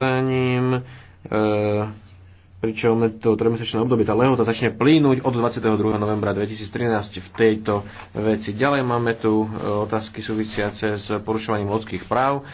zastaním, e, pričom to trojmesačné obdobie, tá lehota začne plínuť od 22. novembra 2013 v tejto veci. Ďalej máme tu e, otázky súvisiace s porušovaním ľudských práv.